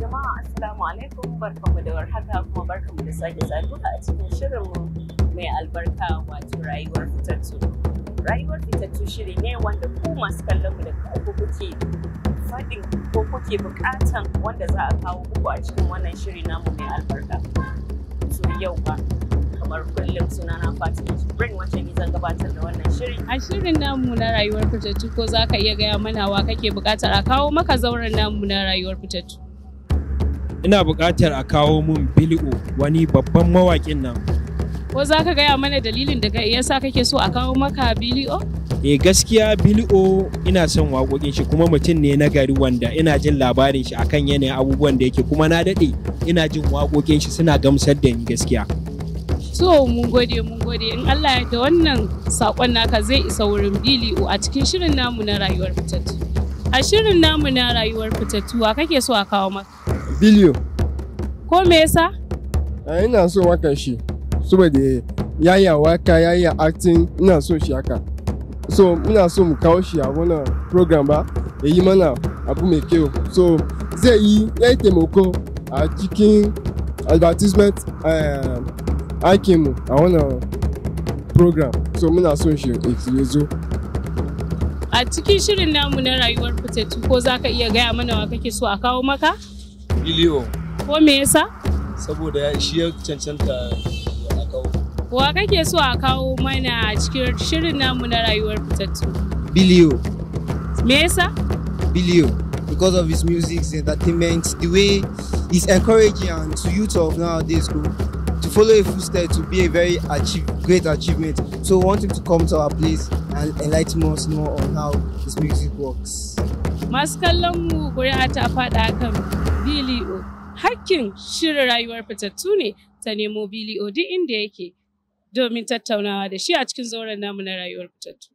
jama'a assalamu alaikum barkanmu da warhaka kuma barkanmu da sake saduwa a cikin shirinmu mai albarka wato rayuwar fitattu. Rayuwar fitattu shiri ne wanda ku masu kallon mu da ku kuke faɗin ko kuke buƙatan wanda za a kawo muku a cikin wannan shiri namu mai albarka. To yau ba kamar kullum sunana Fatima Jibrin wacce ni zan gabatar da wannan shiri. A shirin namu na rayuwar fitattu ko za ka iya gaya mana wa kake buƙatar a kawo maka zauren namu na rayuwar fitattu. ina buƙatar a kawo mun bil'o wani babban mawaƙin nan ko za ka gaya mana dalilin da ka yasa kake so a kawo maka bil'o eh gaskiya bil'o ina son waƙoƙin shi kuma mutum ne na gari wanda ina jin labarin shi akan yanayin abubuwan da yake kuma na daɗe ina jin waƙoƙin shi suna gamsar da ni gaskiya so mun gode mun gode in Allah ya da wannan sakon naka zai isa wurin bili'o a cikin shirin namu na rayuwar fitattu a shirin namu na rayuwar fitattu wa kake so a kawo maka biliyo ko me yasa ah, ina so wakan shi saboda yaya waka yaya acting ina so shi haka so muna so mu kawo shi a wannan program ba ya yi mana abu mai kyau so zai yi ya yi taimako a cikin advertisement eh, aikinmu a wannan program so muna son shi ya zo a cikin shirin namu na rayuwar fitattu ko za ka iya gaya mana wa kake so a kawo maka Biliyo. Ko me yasa? Saboda shi ya cancanta a kawo. Wa kake so a kawo mana cikin shirin namu na rayuwar fitattu? Biliyo. Me yasa? Biliyo. Because of his music, his entertainment, the way he's encouraging and to youth of nowadays go to follow a footstep to be a very achieve, great achievement. So we want him to come to our place and enlighten us more on how his music works. Masu kallon mu kuri'a ta faɗa kan BLEO. Hakkin shirin rayuwar fitattu ne ta nemo BLEO duk inda yake domin tattaunawa da shi a cikin zauren namu na rayuwar fitattu.